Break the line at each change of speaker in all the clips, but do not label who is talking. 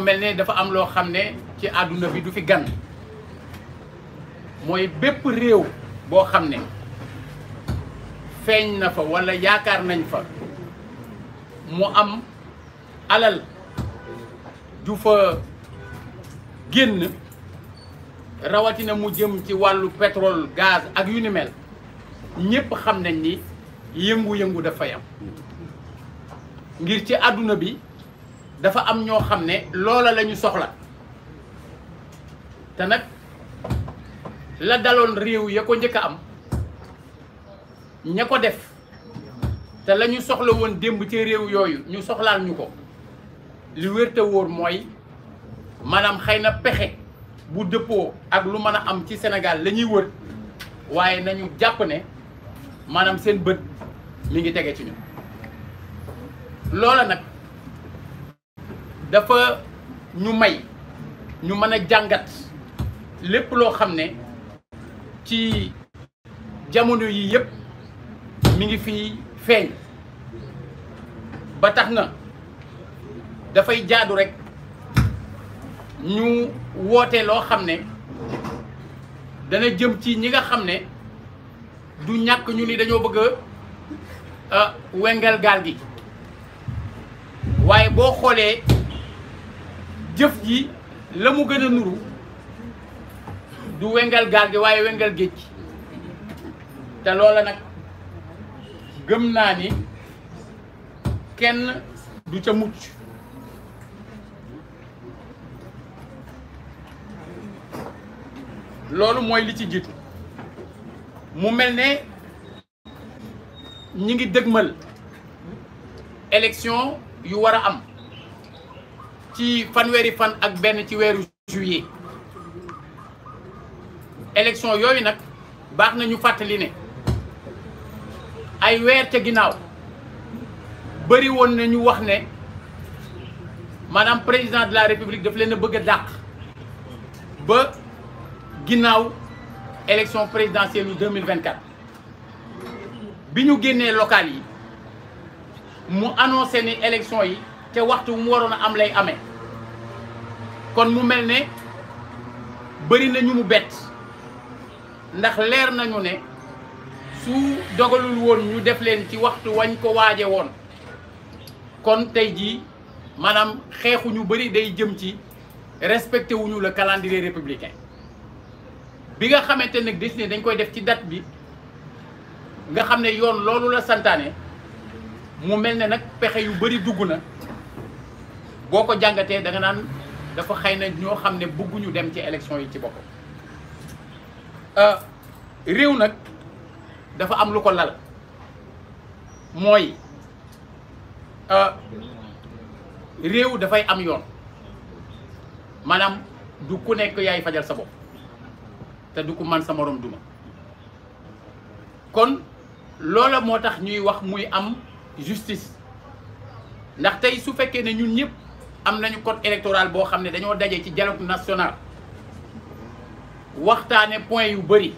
mel ne dafa am loo xam ne ci àdduna bi du fi gan mooy bépp réew boo xam ne feeñ na fa walla yaakaar nañ fa mu am alal ju fa génn rawatina mu jëm ci wàllu pétrole gaz ak yu ni mel ñépp xam nañ ni yëngu-yëngu dafay am ngir ci àdduna bi dafa am ñoo xam ne loola la ñu soxla te nag la daloon réew ya ko njëkk a am ña ko def te la ñu soxla woon démb ci réew yooyu ñu soxlaal ñu ko li wér wóor mooy maanaam xëy na pexe bu dëppoo ak lu mën a am ci senegal la ñuy wër waaye nañu jàpp ne maanaam seen bët mi ngi tege ci ñu loola nag dafa ñu may ñu mën a jàngat lépp loo xam ne ci jamono yi yëpp mu ngi fi feeñ ba tax na dafay jaadu rek ñu woote loo xam ne dana jëm ci ñi nga xam ne du ñàkk ñu ni dañoo bëgg a wengal gaal gi waaye boo xoolee jëf ji la mu gën a nuru du wengal gaal gi waaye wengal géej gi te loola nag gëm naa ni kenn du ca mucc loolu mooy li ci jiitu mu mel ne ñi ngi dëgmal élection yu war a am ci fanweeri fan ak benn ci weeru juillet élection yooyu nag baax na ñu fàttali ne ay weer ca ginnaaw bëri woon na ñu wax ne maanaam président de la république daf leen a bëgg a dàq ba ginnaaw élection présidentielle yu 2024 bi ñu génnee locales yi mu annoncé ni élection yi. te waxtu mu waroon a am lay amee kon mu mel ne bëri na ñu mu bett ndax leer nañu ne su dogalul woon ñu def leen ci waxtu wañ ko waaje woon kon tey jii maanaam xeexu ñu bëri day jëm ci respecté wuñu le calendrier républicain bi nga xamante nag décidé dañ koy def ci dat bi nga xam ne yoon loolu la santaane mu mel ne nag pexe yu bëri dugg na boo ko jàngatee danga naan dafa xëy na ñoo xam ne bugguñu dem ci élection yi ci boppam euh, réew nag dafa am lu ko lal mooy euh, réew dafay am yoon maanaam du ku nekk yaay fajal sa bopp te du ku man sa morom duma kon loola moo tax ñuy wax muy am justice ndax tey su fekkee ne ñun ñëpp am nañu code électoral boo xam ne dañoo daje ci dialogue national waxtaane point yu bëri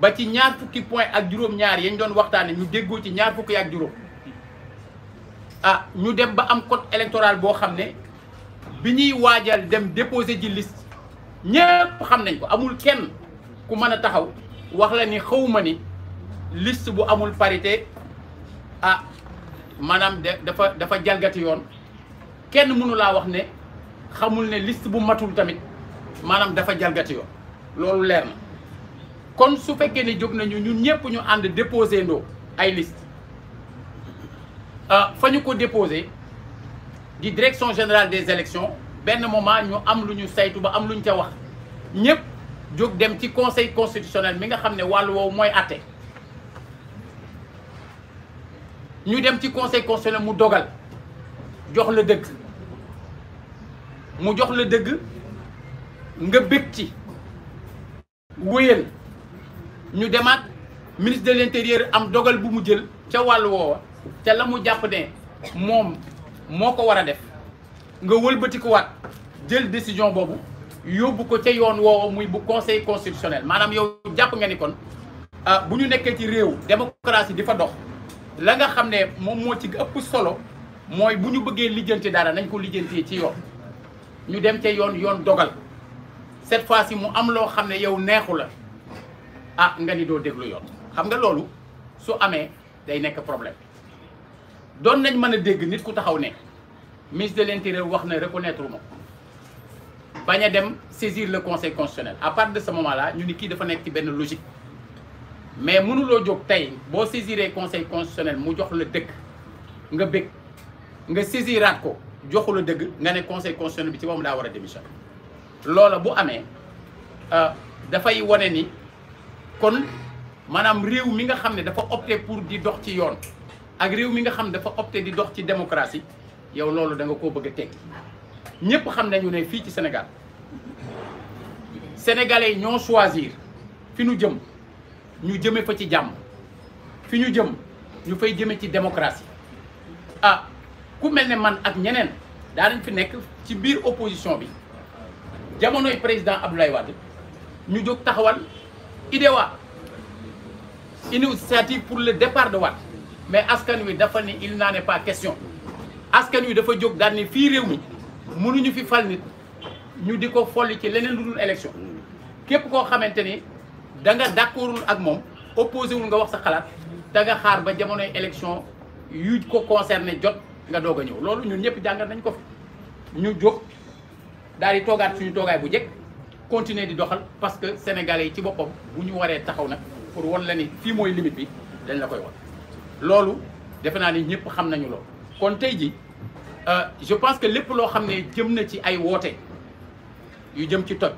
ba ci ñaar fukki point ak juróom-ñaar yañ doon waxtaane ñu déggoo ci ñaar fukki ak juróom ah ñu dem ba am cot électoral boo xam ne bi ñuy waajal dem déposer ji liste ñépp xam nañ ko amul kenn ku mën a taxaw wax la ni xawma ni list bu amul parité ah maanaam dafa dafa jalgati yoon kenn mënu laa wax ne xamul ne list bu matul tamit maanaam dafa jalgati yoon loolu leer na kon su fekkee ne jóg nañu ñun ñëpp ñu ànd déposé ndoo ay liste ah, fa ñu ko déposé di direction général des élections benn moment ñu am lu ñu saytu ba am lu ñu ca wax ñëpp jóg dem ci conseil constitutionnel mi nga xam ne wàllu woowu mooy àtte ñu dem ci conseil constitutionnel mu dogal jox la dëgg mu jox la dëgg nga bég ci wéyal ñu demaat ministre de l'intérieur am dogal bu mu jël ca wàll woowa ca la mu jàpp ne moom moo ko war a def nga wëlbatikuwaat jël décision boobu yóbbu ko ca yoon woowa muy bu conseil constitutionnel maanaam yow jàpp nga ni kon ah, bu ñu nekkee ci réew démocratie di fa dox la nga xam ne moom moo ci ëpp solo mooy bu ñu bëggee lijjanti dara nañ ko lijjanti ci yoon ñu dem ca yoon yoon dogal cette fois si mu am loo xam ne yow neexu la ah nga ni doo déglu yoon xam nga loolu su amee day nekk problème doon nañ mën a dégg nit ku taxaw ne ministre de réew wax na reconnaître ma bañ a dem saisir le conseil constitutionnel à partir de ce moment ñu ni kii dafa nekk ci benn logique mais mënuloo jóg tey boo saisiree conseil constitutionnel mu jox la dëkk nga bëgg nga saisiraat ko joxu a dëgg nga ne conseil constitutionnel bi ci moom daa war a démissionner loola bu amee euh, dafay wane ni kon maanaam réew mi nga xam ne dafa opté pour di dox ci yoon ak réew mi nga xam ne dafa opté di dox ci démocratie yow loolu da nga koo bëgg a tekki ñëpp xam nañu ne fii ci Sénégal sénégalais ñoo choisir fi ñu jëm ñu jëme fa ci jàmm fi ñu jëm ñu fay jëme ci démocratie ah, ku mel ne man ak ñeneen daanañ fi nekk ci biir opposition bi jamonoy président Abdoulaye Wade ñu jóg taxawal IDEWA initiative pour le départ de Wade mais askan wi dafa ni il n'en est pas question askan wi dafa jóg daal fii réew mi mënuñu fi fal nit ñu di ko folli ci leneen lu dul élection képp koo xamante ni da nga d'accordul ak moom opposé wul nga wax sa xalaat da nga xaar ba jamonoy élection yu ko concerné jot nga doog a ñëw loolu ñun ñëpp jàngar nañ ko fi ñu jóg daal di toogaat suñu toogaay bu njëkk continuer di doxal parce que sénégalais yi ci boppam bu ñu waree taxaw nag pour wan la ni fii mooy limite bi dañ la koy wan. loolu defe naa ni ñëpp xam nañu loolu kon tey ji euh, je pense que lépp loo xam ne jëm na ci ay woote yu jëm ci toj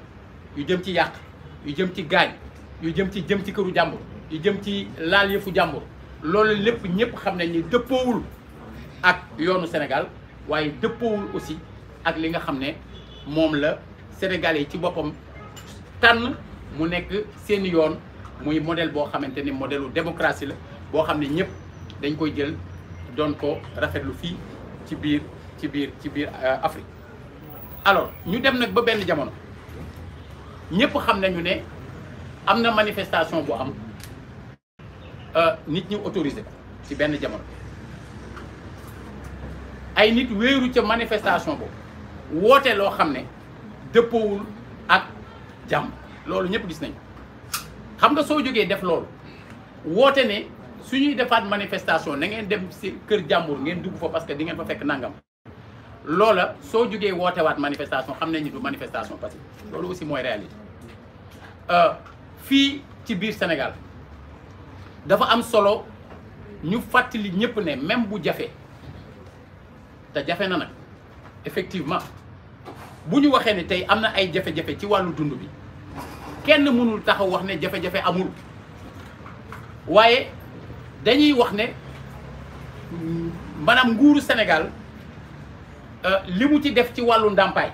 yu jëm ci yàq yu jëm ci gaañ yu jëm ci jëm ci këru jàmbur yu jëm ci laal yëfu jàmbur loolu lépp ñëpp xam nañ ni dëppoowul ak yoonu Sénégal waaye dëppoowul aussi ak li nga xam ne moom la sénégal yi ci boppam tànn mu nekk seeni yoon muy modèle boo xamante ni modèle u démocratie la boo xam ne ñëpp dañ koy jël doon ko rafetlu fii ci biir ci biir ci biir euh, Afrique. alors ñu dem nag ba benn jamono ñëpp xam nañu ne am na manifestation bu am euh, nit ñu autorisé ci benn jamono. ay nit wéeru ca manifestation boobu woote loo xam ne dëppoowul ak jàmm loolu ñëpp gis nañ xam nga soo jógee def loolu woote ne su ñuy defaat manifestation na ngeen dem si kër jàmbur ngeen dugg fa parce que di ngeen fa fekk nangam loola soo jógee woote waat manifestation xam nañ ñu du manifestation parce que loolu aussi mooy réalité euh, fii ci biir Sénégal dafa am solo ñu fàttali ñëpp ne même bu jafe. te jafe na nag effectivement bu ñu waxee ne tey am na ay jafe-jafe ci wàllu dund bi kenn mënul taxaw wax ne jafe-jafe amul waaye dañuy wax ne maanaam nguuru Sénégal euh, li mu ci def ci wàllu ndàmpaay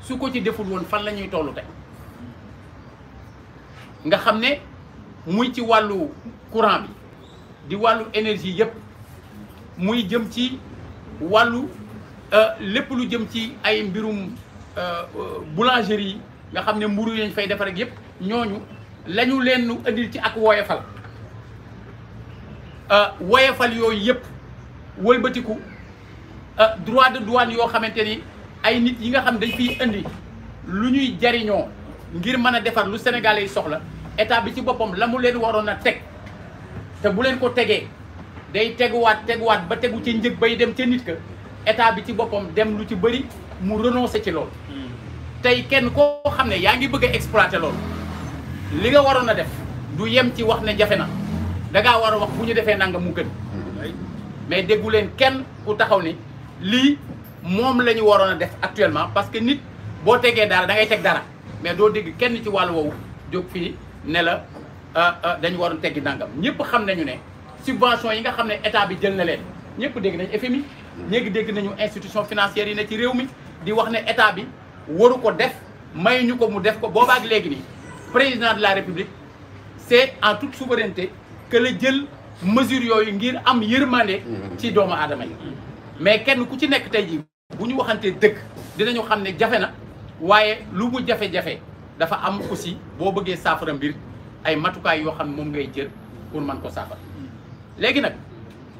su ko ci deful woon fan la ñuy tollu tey nga xam ne muy ci wàllu courant bi di wàllu énergie yépp muy jëm ci wàllu euh, lépp lu jëm ci ay mbirum euh, euh, boulangerie yi nga xam ne mburu yañ fay defar ak yëpp ñooñu lañu leen indil ci ak woyefal woyefal yooyu yëpp wëlbatiku droit de douane yoo xamante ni ay nit yi nga xam dañ fiy indi lu ñuy jariñoo ngir mën a defar lu sénégalais yi soxla état bi ci boppam la mu leen waroon a teg te bu leen ko tegee day teguwaat teguwaat ba tegu ca njëg bay dem ca nit ka état bi ci boppam dem lu ci bëri mu renoncé ci loolu. Hmm. tey kenn koo xam ne yaa ngi bëgg a exploité loolu li nga waroon a def du yem ci wax ne jafe na da ngaa war a wax bu ñu defee nangam mu gën. mais déggu leen kenn ku taxaw ni lii moom la ñu waroon a def actuellement parce que nit boo tegee dara dangay teg dara mais doo dégg kenn ci wàll woowu jóg fii ne la ah, ah, dañu waroon teggi nangam ñëpp xam nañu ne. subvention yi nga xam ne état bi jël na leen ñëpp dégg nañ FMI ñëpp dégg nañu institution financière yi ne ci réew mi di wax ne état bi waru ko def may ñu ko mu def ko boobaak léegi nii président de la république c'est en tout souveraineté kë la jël mesure yooyu ngir am yërmande ci doomu aadama yi mais kenn ku ci nekk tey jii bu ñu waxantee dëkk dinañu xam ne jafe na waaye lu mu jafe-jafe dafa am aussi boo bëggee saafara mbir ay matukaay yoo xam ne moom ngay jël pour mën ko saafara léegi nag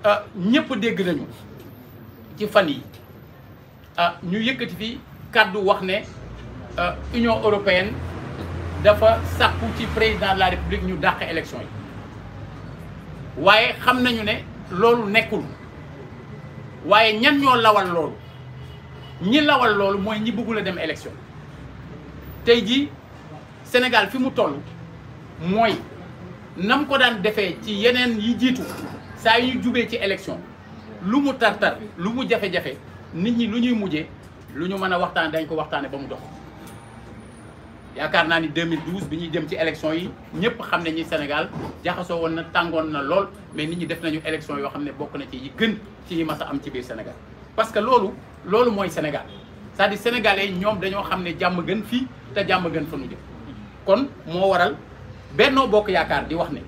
ah, ñëpp dégg nañu ci fan yi ah ñu yëkkati fi kàddu wax ne ah, Union européenne dafa sàkku ci président de la République ñu dàq élection yi waaye xam nañu ne loolu nekkul waaye ñan ñoo lawal loolu ñi lawal loolu mooy ñi bëggul a dem élection tey jii Sénégal fi mu toll mooy nam ko daan defee ci yeneen yi jiitu saa yu jubee ci élection lu mu tartar lu mu jafe-jafe nit ñi lu ñuy mujjee lu ñu mën a waxtaan dañ ko waxtaane ba mu dox yaakaar naa ni 2012 bi ñuy jëm ci élection yi ñëpp xam ne ñi Sénégal jaxasoo woon na tàngoon na lool mais nit ñi def nañu élection yoo xam ne bokk na ci yi gën ci yi mas a am ci biir Sénégal parce que loolu loolu mooy Sénégal c'est-à-dire ñoom dañoo xam ne jàmm gën fii te jàmm gën fa nu jëm kon moo waral Benno Bokk Yaakaar di wax ne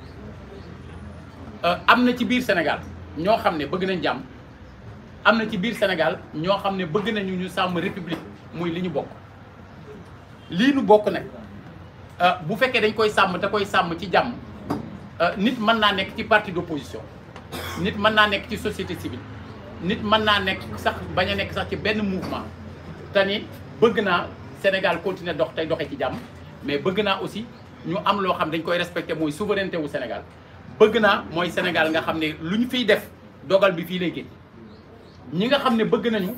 euh, am na ci biir Sénégal ñoo xam ne bëgg nañ jàmm am na ci biir Sénégal ñoo xam ne bëgg nañu ñu sàmm république muy li ñu bokk lii nu bokk nag euh, bu fekkee dañ koy sàmm te koy sàmm ci jàmm euh, nit mën naa nekk ci parti d'opposition nit mën naa nekk ci société civile nit mën naa nekk sax bañ a nekk sax ci benn mouvement te ni bëgg naa Sénégal continuer dox tey doxee ci jàmm mais bëgg naa aussi ñu am loo xam dañ koy respecté mooy souveraineté wu Sénégal bëgg naa mooy Sénégal nga xam ne lu ñu fiy def dogal bi fii lay génn ñi nga xam ne bëgg nañu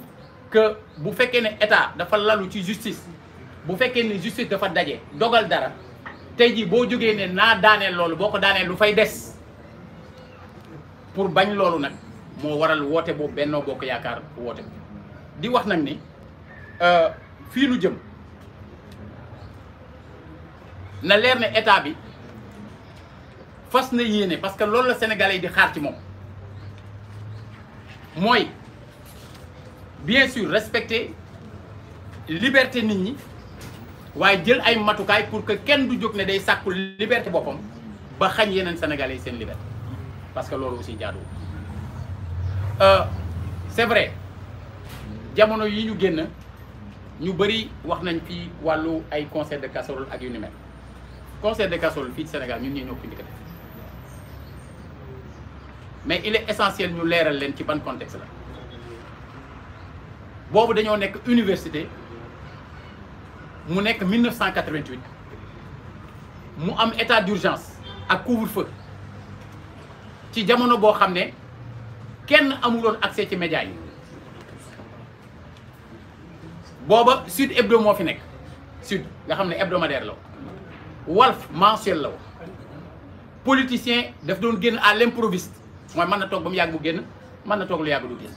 que bu fekkee ne état dafa lalu ci justice bu fekkee ne justice dafa daje dogal dara tey jii boo jógee ne naa daaneel loolu boo ko daaneel lu fay des pour bañ loolu nag moo waral woote boobu Benno ko Yaakaar woote di wax nag ni euh, fii lu jëm na leer na état bi fas na yéene parce que loolu la sénégalais yi di xaar ci moom mooy bien sûr respecté liberté nit ñi waaye jël ay matukaay pour que kenn du jóg ne day sàkku liberté boppam ba xañ yeneen sénégalais yi seen liberté parce que loolu aussi jaaduwul euh, c'est vrai jamono yi ñu génn ñu bëri wax nañ fi wàllu ay concert de casserole ak yu concert de casserole fii ci Sénégal ñu ñii ñoo ko njëkk mais il est ñu leeral leen ci ban contexte la boobu dañoo nekk université mu nekk 1988 mu am état d'urgence ak couvre-feu ci jamono boo xam ne kenn amuloon accès ci médias yi booba Sud Hebdo moo fi nekk Sud nga xam ne hebdomadaire la walf mensuel la woon politicien daf doon génn à l'improviste mooy mën na toog ba mu yàgg mu génn mën na toog lu yàgg du génn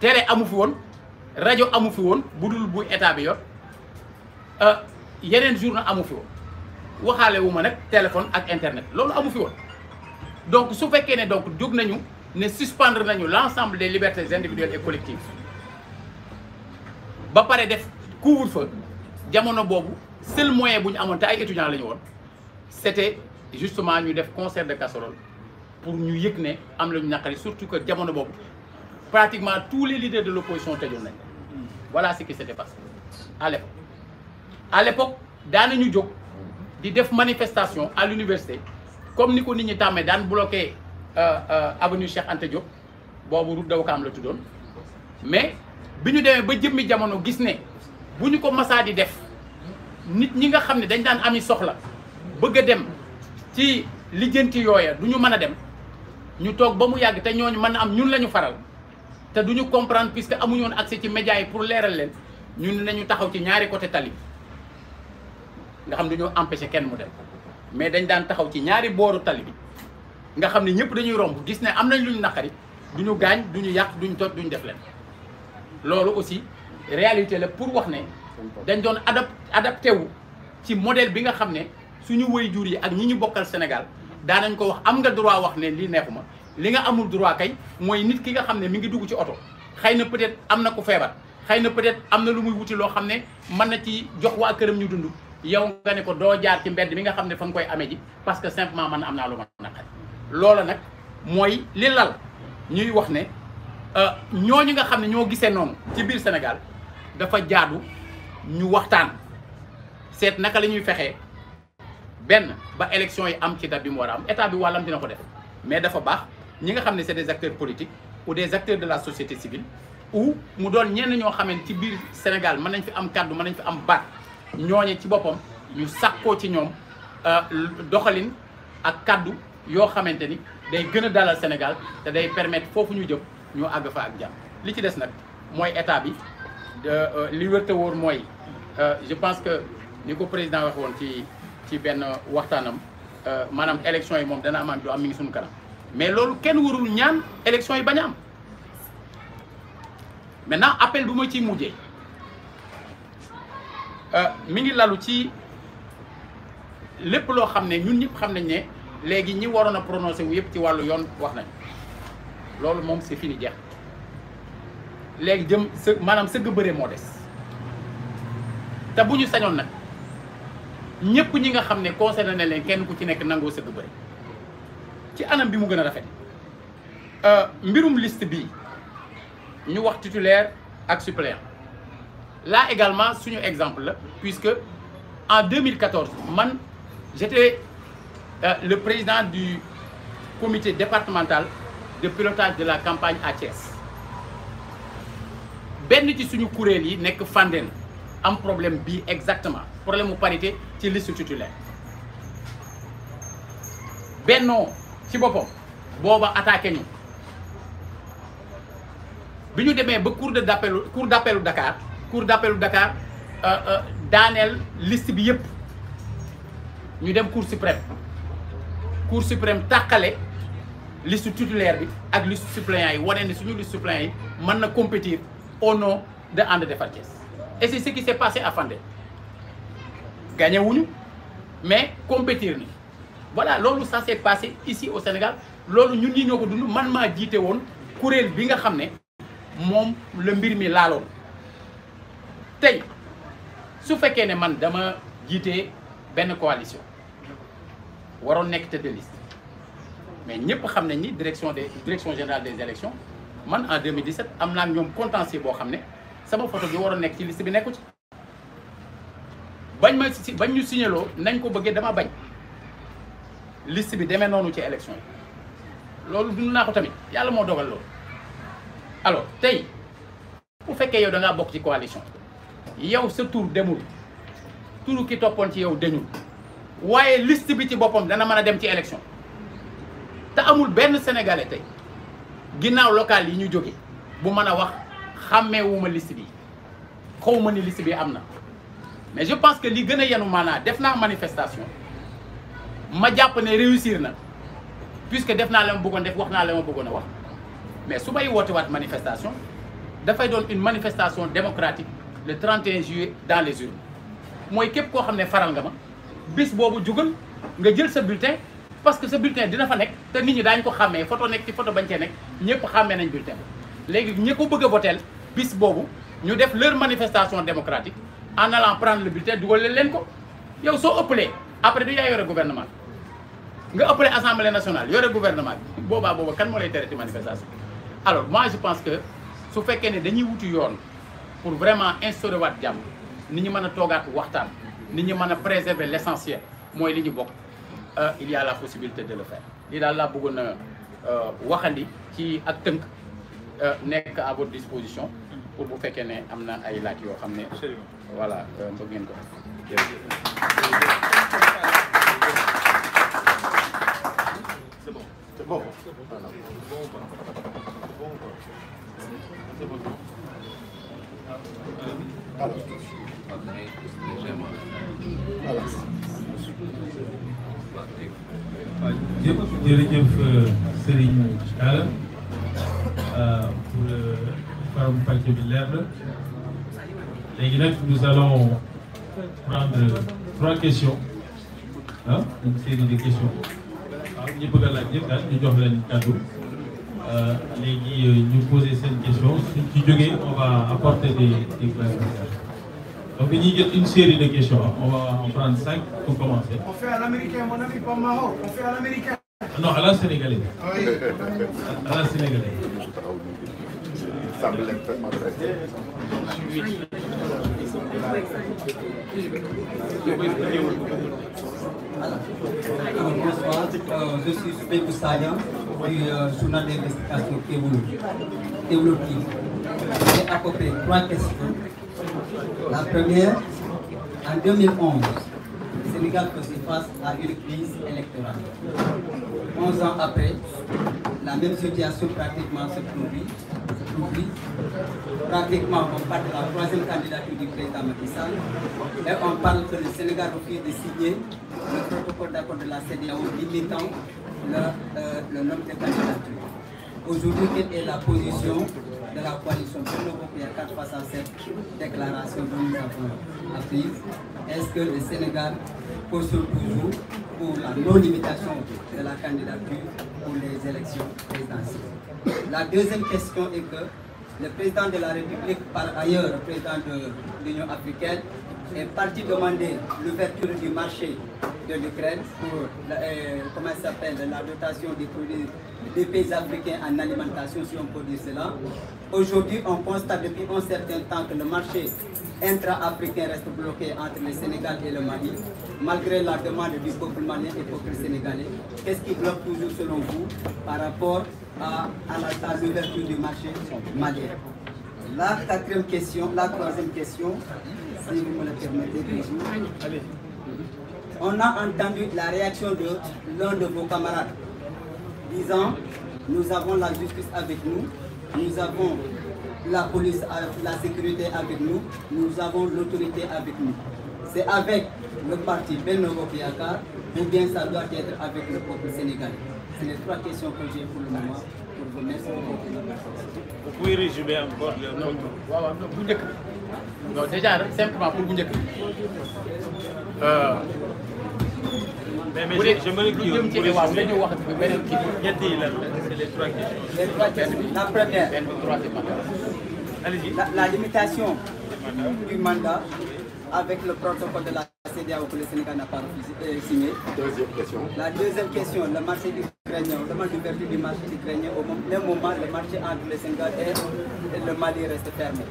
télé amu fi woon rajo amu fi woon bu dul bu état bi euh, yeneen journaux amu fi woon waxaale wu ma nag téléphone ak internet loolu amu fi woon donc su fekkee ne donc jóg nañu ne suspendre nañu l'ensemble des libertés individuelles et collectives ba pare def couvre fa jamono boobu seul moyen bu ñu amoon te ay étudiants la ñu woon c'était justement ñu def concert de casserole pour ñu yëg ne am la ñu naqari surtout que jamono boobu pratiquement tous les leaders de l'opposition tëjoon nañ voilà ce qui s'était passé à l'époque à l'époque daanañu jóg di def manifestation à l'université comme ni ko nit ñi tàmmee daan bloqué euh, euh, avenue Cheikh ante Diop boobu route de Ouakam la tuddoon mais bi ñu demee ba jëmmi jamono gis ne bu ñu ko masaa di def nit ñi nga xam ne dañ daan ami soxla bëgg a dem ci lijjanti yooya du ñu mën a dem ñu toog ba mu yàgg te ñooñu mën na am ñun la ñu faral te du ñu comprendre puisque amuñu woon ci médias yi pour leeral leen ñun nañu taxaw ci ñaari côté tali nga xam du ñu empêché kenn mu dem mais dañ daan taxaw ci ñaari booru tali bi nga xam ne ñëpp dañuy romb gis ne am nañ luñ ñu naqari du ñu gaañ du ñu yàq duñu ñu toj du def leen loolu aussi réalité la pour wax ne. dañ doon adap adapté wu ci modèle bi nga xam ne suñu jur yi ak ñi ñu bokkal Sénégal daanañ ko wax am nga droit wax ne lii neexuma li nga amul droit kay mooy nit ki nga xam ne mi ngi dugg ci oto xëy na peut-être am na ku feebar xëy na peut-être am na lu muy wuti loo xam ne mën na ci jox waa këram ñu dund yow nga ne ko doo jaar ci mbedd mi nga xam ne fa nga koy amee ji parce que simplement man am naa lu ma naqari loola nag mooy li lal ñuy wax ne euh, ñooñu nga xam ne ñoo gisee noonu ci biir Sénégal dafa jaadu ñu waxtaan seet naka la ñuy fexe benn ba élection yi am ci date bi mu war a am état bi wàllam dina ko def mais dafa baax ñi nga xam ne c'est des acteurs politiques ou des acteurs de la société civile ou mu doon ñenn ñoo xamee ci biir Sénégal mën nañ fi am kàddu mën nañ fi am baat ñooñe ci boppam ñu sàkkoo ci ñoom euh, doxalin ak kàddu yoo xamante ni day gën a dalal Sénégal te day permettre foofu ñu jëm ñu àgg fa ak jàmm li ci des nag mooy état bi Euh, li wérte wóor mooy euh, je pense que ni ko président wax woon ci ci benn waxtaanam euh, maanaam élection yi moom dana am am du am mi ngi suñu kanam mais loolu kenn warul ñaan élection yi bañ a am maintenant appel bu ci ciy mujjee mi ngi lalu ci lépp loo xam ne ñun ñëpp xam nañ ne léegi ñi waroon a prononcé wu yëpp ci wàllu yoon wax nañ loolu moom c'est fini jeex léegi jëm së maanaam sëgg bëree moo des te bu ñu sañoon nag ñëpp ñi nga xam ne concerné na leen kenn ku ci nekk nangoo sëgg bëri ci anam bi mu gën a rafet euh, mbirum liste bi ñu wax titulaire ak suppléant là également suñu exemple la puisque en 2014 man j'étais euh, le président du comité départemental de pilotage de la campagne à Thiès benn ci suñu kuréel yi nekk Fandène am problème bii exactement problème mu parité ci liste titulaire bennoo ci boppam booba attaqué ñu bi ñu demee ba cour de d'appel cour d'appelu Dakar cour d'appelu Dakar euh, euh, daaneel liste bi yépp ñu dem cour suprême cour suprême tàqale liste titulaire bi ak liste suppléant yi wane ni suñu liste suppléant yi mën na compétir au nom de And Defar Thiès et c'est ce qui s'est passé à Fandène mais compétir ni voilà loolu ça s'est passé ici au Sénégal loolu ñun ñi ñoo ko dund man maa jiite woon kuréel bi nga xam ne moom la mbir mi laaloon tey su fekkee ne man dama jiite benn coalition waroon nekk tête de liste mais ñëpp xam nañ ni direction de direction générale des élections man en 2017 am naa ñoom contentieux boo xam ne sama photo bi waroon nekk ci liste bi nekku ci bañ ma si bañ ñu signaloo nañ ko bëggee dama bañ liste bi demee noonu ci élection yi loolu dund naa ko tamit yàlla moo dogal loolu alors tey bu fekkee yow da ngaa bokk ci coalition yow sa tur demul tur ki toppoon ci yow deñul waaye liste bi ci boppam dana mën a dem ci élection te amul benn sénégalais tey ginnaaw local yi ñu jóge bu man a wax xàmmeewuma liste bi xaw ma ni liste bi am na mais je pense que li gën a yenu maanaa def naa manifestation ma jàpp ne réussir na puisque def naa la ma bëggoon def wax naa la ma bëggoon a wax mais su may woote waat manifestation dafay doon une manifestation démocratique le 31 juillet dans les urnes mooy képp koo xam ne faral nga ma bis boobu jugal nga jël sa bulletin parce que sa bulletin dina fa nekk te nit ñi daañu ko xàmmee photo nekk ci bañ cee nekk ñëpp xàmmee nañ bulletin bi léegi ñi ko bëgg a votel bis boobu ñu def leur manifestation démocratique en allant prendre le bulletin dugal leen ko yow soo ëpplee après du yaa yore gouvernement bi nga ëppale assemblée nationale yore gouvernement bi boobaa booba kan moo lay tere ci manifestation alors moi je pense que su fekkee ne dañuy wuti yoon pour vraiment instaurer waat jàmm ni ñu mën a toogaat waxtaan ni ñu mën a préserver l' essentiel mooy li ñu bokk euh, il y a la le faire lii daal laa bëggoon na euh, Euh, waxandi ci ak tënk euh, nekk à disposition pour bu fekkee ne am na ay laaj yoo xam ne voilà euh, bëgg ko
Serigne Kala euh, pour faram fàcce bi leer na léegi nag nous allons prendre trois questions une série de questions waaw ñu bëgg a laaj jox leen kàddu euh, léegi euh, ñu poser seen question suñ ci jógee on va apporter des des clarifications donc dañuy jël une série de questions on va en prendre cinq pour commencer. non à eh, la sénégalaise. à la sénégalaise.
Alors, je suis Pépou Sagnan du journal d'investigation Kewoulo. Kewoulo TV. J'ai à peu près trois questions. La première, en 2011, Sénégal peut se face à une crise électorale. Onze ans après, la même situation pratiquement se produit, se Pratiquement, on la troisième candidature du président Macky et par parle que le Sénégal refuse de signer le protocole d'accord de la CEDEAO limitant le, euh, le nombre de candidatures. Aujourd'hui, quelle est la position de la coalition Benno Bokk déclaration dont nous avons appris est-ce que le Sénégal pour la non-limitation de la candidature pour les élections présidentielles la deuxième question est que le président de la République par ailleurs président de l'Union africaine est parti demander l'ouverture du marché de l'Ukraine pour la, euh, comment ça la dotation des pays africains en alimentation, si on peut dire cela. Aujourd'hui, on constate depuis un certain temps que le marché intra-africain reste bloqué entre le Sénégal et le Mali, malgré la demande du peuple malien et du peuple sénégalais. Qu'est-ce qui bloque toujours, selon vous, par rapport à, à l'ouverture du marché malien La quatrième la troisième question, si vous me le permettez Allez. On a entendu la réaction de l'un de vos camarades disant nous avons la justice avec nous, nous avons la police, la sécurité avec nous, nous avons l'autorité avec nous. C'est avec le parti Benoît Yakar ou bien ça doit être avec le peuple sénégalais.
C'est trois questions pour le moment. Pour vous, merci beaucoup. Vous pouvez résumer le non, non. non déjà rek simplement pour bu wax beneen kii. ñett yi lan la c'est les trois questions. les trois questions
la du mandat. avec le protocole de la CEDEAO que le Sénégal n'a pas euh, signé. Deuxième La deuxième question, le marché ukrainien, on demande l'ouverture du marché ukrainien. Au même le marché entre le Sénégal et le Mali reste fermé.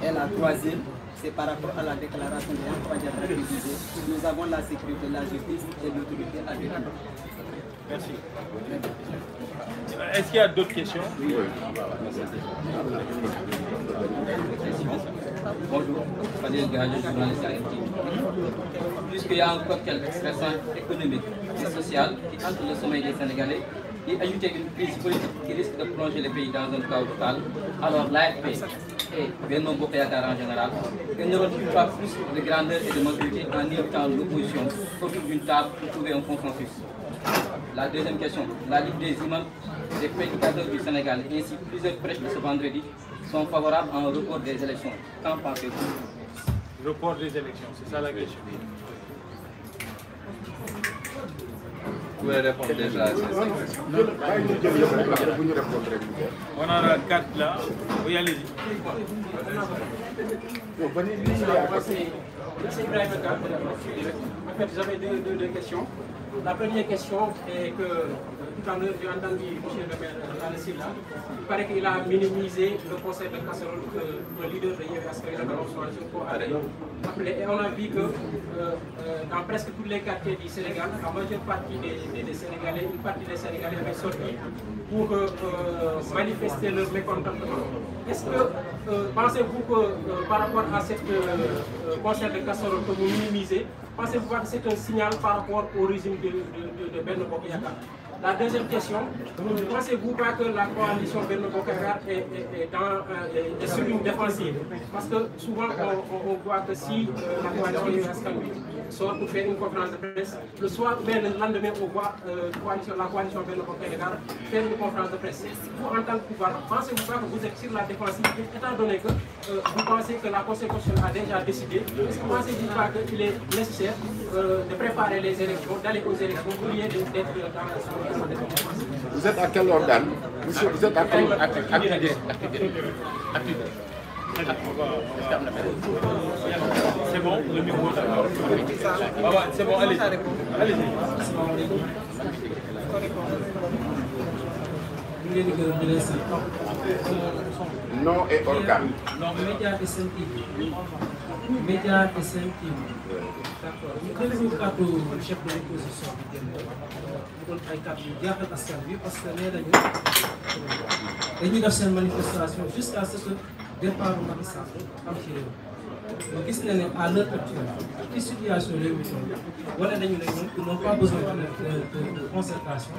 Et la troisième, c'est par rapport à la déclaration des employés révisée. Nous avons la sécurité, la justice et l'autorité à venir. Merci.
Est-ce qu'il y a d'autres questions Oui. Bonjour, Fadil Gage, journaliste à
Puisqu'il y a encore quelques personnes économiques et sociales qui entrent le sommeil des Sénégalais et ajouter une crise politique qui risque de le pays dans un chaos total, alors l'AFP et Benno Bokk Yaakaar en général, elle ne um retrouve pas plus de grandeur et de maturité en l'opposition autour d'une table pour trouver un consensus. La deuxième question, la Ligue des imams des prédicateurs du Sénégal ainsi plusieurs prêches de ce vendredi sont favorables à un report des élections. Qu'en pensez-vous? Report des élections, c'est ça la question.
Vous voulez répondre déjà à On en a quatre là. Oui, allez-y. Merci Ibrahim En fait, j'avais deux, deux, deux questions. La première question est que tout à l'heure, j'ai entendu le maire a minimisé le casserole que le leader de Yévasqué, le baron Solanjoko, avait appelé. Et on que euh, euh, dans presque tous les quartiers du partie des, des, une partie des Sénégalais pour euh, euh, manifester leur mécontentement. Est-ce que euh, que par rapport à cette conseil de casserole que vous minimisez, pensez-vous un signal par rapport au régime de, de, de, La deuxième question, pensez-vous pas que la coalition Benno Bokara est, euh, est, est, sur une défensive Parce que souvent, on, on, on voit que si euh, la coalition est sort pour faire de presse, le soir, lendemain, on voit euh, la coalition Benno Bokara faire une conférence de presse. Vous, en tant que pouvoir, pensez-vous pas que vous êtes la défensive Étant donné que vous pensez que la Constitution a déjà décidé, pensez-vous pas qu'il est nécessaire de préparer les élections,
Vous êtes à quel organe Monsieur, vous êtes à quel organe Activité. Activité. C'est bon, le micro.
C'est bon, allez. Allez-y. Nom et organe. Non, média et média et cinquième. d'accord ñu gën a ñu kàddu chef de l'opposition bi jëm mu doon yu jaaxal askan bi parce que nee nañu dañuy def seen manifestation jusqu'à ce que départ bu Macky Sall am ci réew ma gis ne à l'heure actuelle ci situation réew mi wala dañu ne ñoom ils n'ont pas besoin de de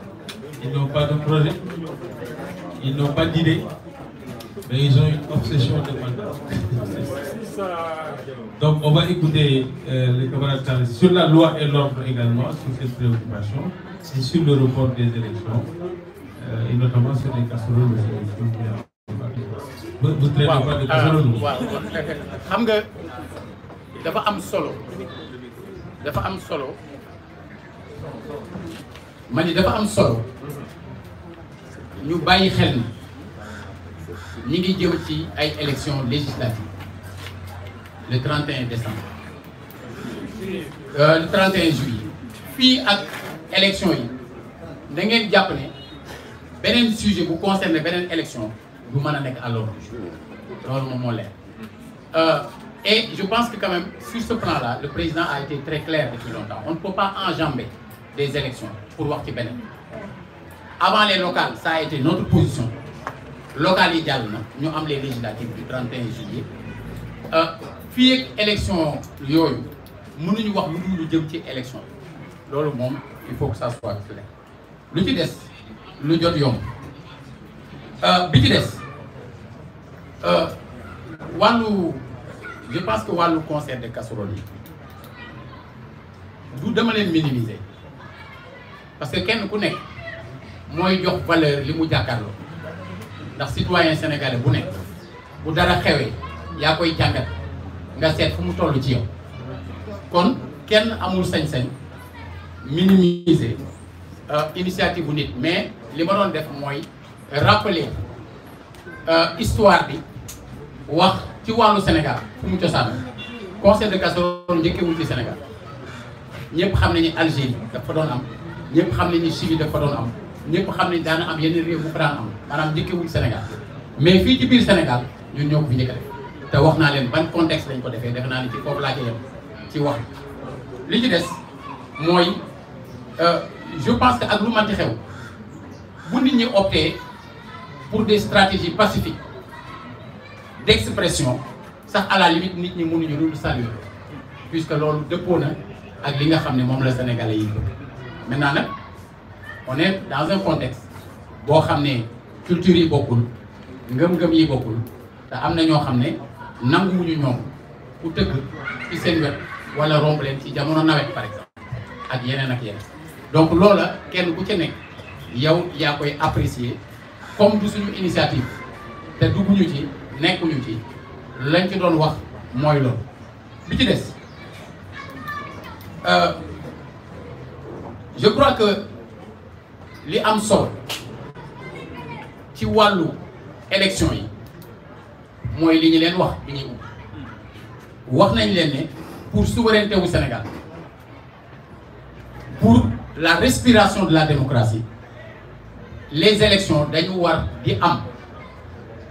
Ils n'ont pas de projet, ils n'ont pas d'idée, mais ils ont une obsession de mandat. Donc on va écouter euh, les camarades sur la loi et l'ordre également, sur cette préoccupation, sur le report des élections, euh, et notamment sur les casseroles. Vous ne traitez pas
de ah, dafa am solo solo ma ni dafa am solo ñu bàyyi xel na ñi ngi jëm ci ay élections législatives le 31 décembre euh, le 31 juillet fii ak élection yi da ngeen jàpp ne beneen sujet bu concerné beneen élection du mën a nekk à l'ordre loolu moom moo leer euh, et je pense que quand même sur ce plan là le président a été très clair depuis longtemps on ne peut pas enjamber des élections pour wax ci beneen avant les locales ça a été notre position locales yi jàll na ñu am les législatives du 31 juillet euh, fii ak élection yooyu mënuñu wax lu lu jëm ci élection loolu moom il faut que ça soit clair lu ci des lu jot yomb euh, bi ci des euh, wàllu je pense que wàllu concert de casserole du dama leen minimiser parce que kenn ku nekk mooy jox valeur li mu jàkkaarloo ndax citoyen sénégalais bu nekk bu dara xewee yaa koy jàngat nga seet fu mu toll ci yow kon kenn amul sañ-sañ minimiser euh, initiative bu nit mais li ma doon def mooy rappeler euh, histoire bi wax ci wàllu Sénégal fu mu cosaan conseil de casserole njëkkewul ci Sénégal ñëpp xam nañu Algérie dafa doon am ñëpp xam nañ ni Chili dafa doon am ñëpp xam nañ daana am yeneen réew bu fa daan am maanaam njëkkewul Sénégal mais fii ci biir Sénégal ñun ñoo ko fi njëkk def te wax naa leen ban contexte lañ ko defee defe naa ni ci foofu laa yem ci wax li ci des mooy euh, je pense que ak lu manti xew bu nit ñi opté pour des stratégies pacifiques d'expression sax à yi limite nit ñi mënuñu lu saluer puisque loolu dëppoo na ak li nga xam ne moom la sénégalais yi bëgg maintenant nag on est dans un contexte boo xam ne culture yi bokkul ngëm-ngëm yi bokkul te am na ñoo xam ne nanguwuñu ñoom ku tëgg ci seen wet wala romb leen ci jamono nawet par exemple ak yeneen ak yeneen donc loola kenn ku ci nekk yow yaa koy apprécier comme du suñu initiative te dugguñu ci nekkuñu ci lañ ci doon wax mooy loolu bi ci des. Euh, je crois que li am solo ci wàllu élection yi mooy li ñu leen wax bi ñuy ubbi wax nañ leen ne pour souveraineté wu Sénégal pour la respiration de la démocratie les élections dañu war di am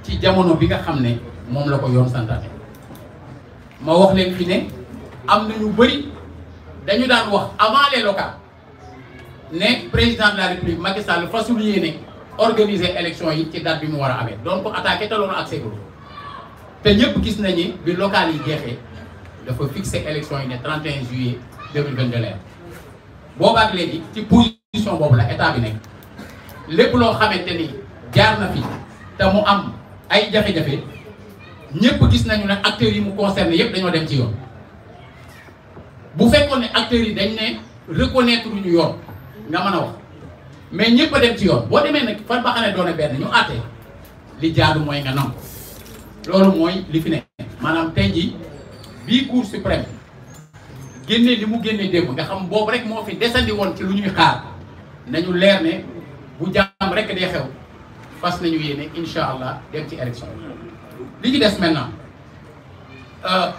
ci jamono bi nga xam ne moom la ko yoon santaane ma wax leen fi ne am na ñu bari dañu daan wax avant les locales ne président de la république Macky Sall fasul yéene organiser élection yi ci date bi mu war a amee donc ko attaqué te loolu ak sécurité te ñëpp gis nañu bi local yi jeexee dafa fixé élection yi ne 31 juillet 2022 leer boobaak léegi ci position boobu la état bi nekk lépp loo xamante ni jaar na fi te mu am ay jafe-jafe ñëpp gis nañu ne acteurs yi mu concerné yëpp dañoo dem ci yoon bu fekkoon ne acteurs yi dañ ne reconnaître ñu yoon. nga mën a wax mais ñëpp a dem ci yoon boo demee nag fan ba xam ne doone benn ñu àtte li jaadu mooy nga nangu loolu mooy li fi ne maanaam tey jii bii cour suprême génne li mu génne démb nga xam boobu rek moo fi desandi woon ci lu ñuy xaar nañu leer ne bu jàmm rek dee xew fas nañu yéene incha allah dem ci élection li ci des maintenant euh,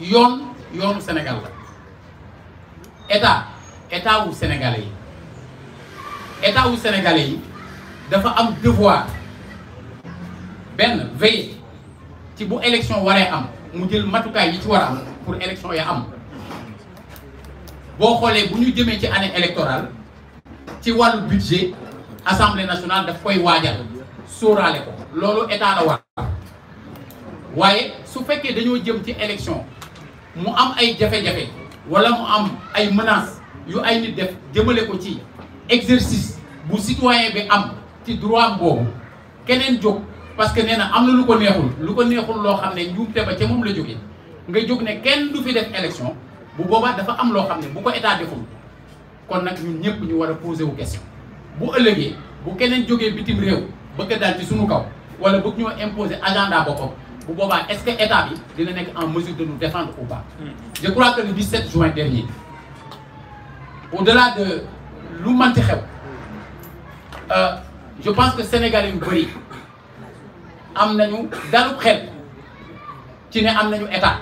yoon yoonu Sénégal la état état wu sénégalais yi état wu sénégalais yi dafa am devoir benn veiller ci bu élection waree am mu jël matukaay yi ci war am pour élection ya am boo xoolee bu ñu jëmee ci année électorale ci wàllu budget assemblée nationale daf koy waajal sóoraale ko loolu état la war waaye su fekkee dañoo jëm ci élection mu am ay jafe-jafe wala mu am ay menaces yu ay nit def jëmale ko ci exercice bu citoyen bi am ci droit boobu keneen jóg parce que nee na am na lu ko neexul lu ko neexul loo xam ne njuumte ba ca moom la jóge nga jóg ne kenn du fi def élection bu boobaa dafa am loo xam ne bu ko état deful kon nag ñun ñëpp ñu war a posé wu question bu ëllëgee bu keneen jógee bitim réew bëgg daal ci suñu kaw wala bëgg ñoo imposer agenda boppam bu boobaa est-ce que état bi dina nekk en mesure de defend défendre ou pas hmm. je crois que le 17 juin au-delà de lu manti xew euh, je pense que sénégalais yu bëri am nañu dalub xel ci ne am nañu état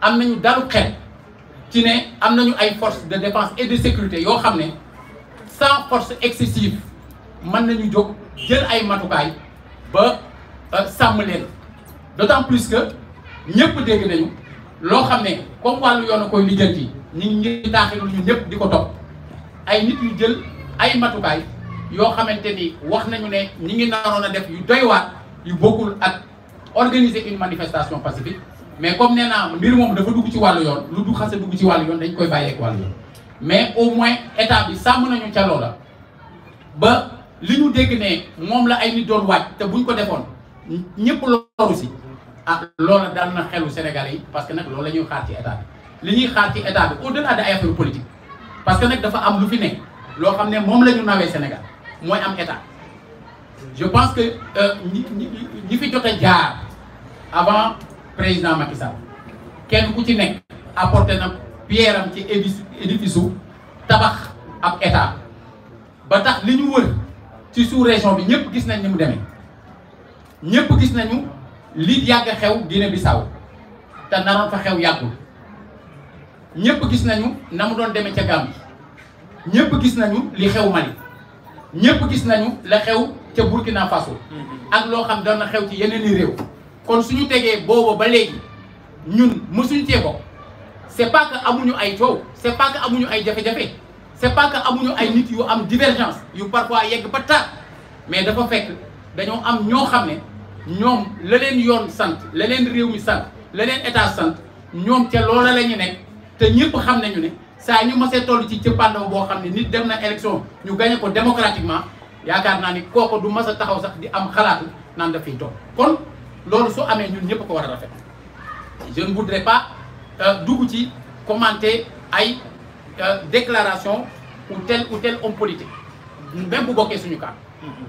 am nañu dalub xel ci ne am nañu ay forces de dépense et de sécurité yoo xam ne sans force excessive mën nañu jóg jël ay matukaay ba euh, sàmm leen d'autant plus que ñëpp dégg nañu loo xam ne comme wàllu yoon a koy lijjanti ñi ngi daaxirul ñu ñëpp di ko topp ay nit yu jël ay matukaay yoo xamante ni wax nañu ne ñi ngi naroon a def yu doy waar yu bokkul ak organiser une manifestation pacifique mais comme nee naa mbir moom dafa dugg ci wàllu yoon lu du xase dugg ci wàllu yoon dañ koy bàyyeek wàllu yoon mais au moins état bi sàmm nañu ca loola ba li ñu dégg ne moom la ay nit doon waaj te buñ ko defoon ñëpp loru si ah loola dal na xelu Sénégalais yi parce que nag loolu la ñuy xaar ci état li ñuy xaar ci état bi au delà de ay affaire politique parce que nag dafa am lu fi nekk loo xam ne moom la ñu nawee Sénégal mooy am état je pense que euh, ñi ñi fi jot a jaar avant président Macky Sall kenn ku ci nekk apporté na pierre am ci édifice su tabax ab état ba tax li ñu wër ci sous région bi ñëpp gis nañ ni mu demee ñëpp gis nañu li yàgg xew Guinée saw te naroon fa xew yàggul. ñëpp gis nañu na mu doon demee ca Gàmbi ñëpp gis nañu li xew Mali ñëpp gis nañu la xew ca Burkina Faso mm-hmm. ak loo xam doon na xew ci yeneen i réew kon su ñu tegee booba ba léegi ñun mësuñu cee bokk c'est que amuñu ay coow c'est pas que amuñu ay jafe-jafe c'est pas que amuñu ay nit yu am divergence yu parfois yegg ba taat mais dafa fekk dañoo am ñoo xam ne ñoom la leen yoon sant la leen réew mi sant la leen état sant ñoom ca loola la ñu te ñëpp xam nañu ni saa ñu masee toll ci cëppandaw boo xam ne nit dem na élection ñu gañe ko démocratiquement yaakaar naa ni kooko du mas taxaw sax di am xalaat naan fiy toog kon loolu su amee ñun ñëpp ko war a rafet jeune ne voudrais pas euh, dugg ci commenter ay euh, déclaration ou tel ou tel politique même bu bokkee suñu cas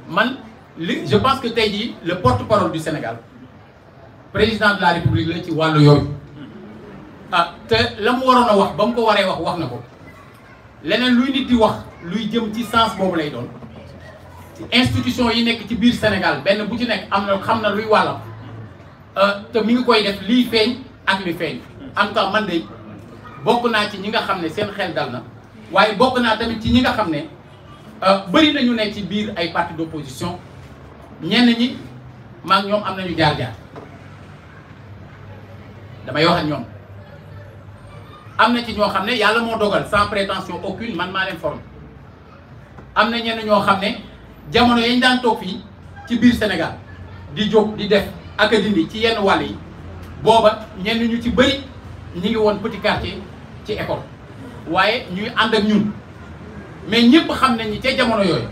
man li je pense que tey jii le porte-parole du Sénégal président de la République la ci wàllu yooyu te la mu waroon a wax ba mu ko waree wax wax na ko leneen luy nit di wax luy jëm ci sens boobu lay doon ci institution yi nekk ci biir Sénégal benn bu ci nekk am na xam na luy wàllam euh, te mu ngi koy def lii feeñ ak li feeñ en tout man de bokk naa ci ñi nga xam ne seen xel dal na waaye bokk naa tamit ci ñi nga xam ne euh, bëri nañu ne ci biir ay parti d'opposition ñenn ñi maak ñoom am nañu jaar-jaar damay wax ak ñoom am na ci ñoo xam ne yàlla moo dogal sans prétention aucune man maa leen formé am na ñenn ñoo xam ne jamono yañ daan toog fii ci biir Sénégal di jóg di def académie ci yenn wàll yi booba ñenn ñu ci bari ñu ngi woon petit quartier ci école waaye ñuy ànd ak ñun mais ñëpp xam nañ ñi cee jamono yooyu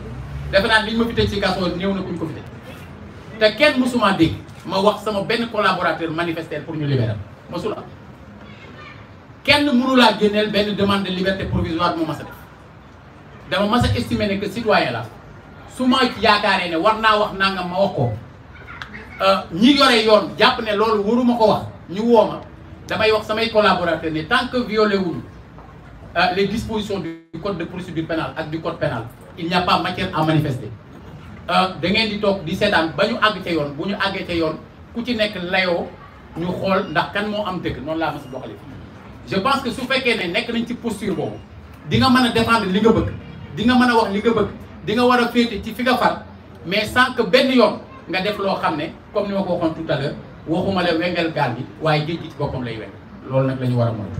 defe naa liñ ma fi ci kaso néew na kuñ ko fi tëj te kenn mësuma dégg ma wax sama benn collaborateur manifester pour ñu libéral mosul am kenn mënu laa génneel benn demande de liberté provisoire bu ma mas a def dama mas a estimer ne que citoyen la su ma yaakaaree ne war naa wax nangam ma wax ko euh, ñi yore yoon jàpp ne loolu waruma ko wax ñu woo ma damay wax samay collaborateur ne tant que violé wuñu euh, les dispositions du code de procédure pénale ak du code pénal il n'y a pas matière à manifester euh, da ngeen di toog di seetaan ba ñu àgg ca yoon bu ñu àggee ca yoon ku ci nekk layoo ñu xool ndax kan moo am dëgg noonu laa mas a doxale je pense que su fekkee ne nekk nañ ci posture boobu di nga mën a défendre li nga bëgg di nga mën a wax li nga bëgg di nga war a féete ci fi nga far mais sans benn yoon nga def loo xam ne comme ni ma ko waxoon tout à l'heure waxuma la wengal gaal bi waaye géej gi ci boppam lay wen loolu nag la ñu war a moytu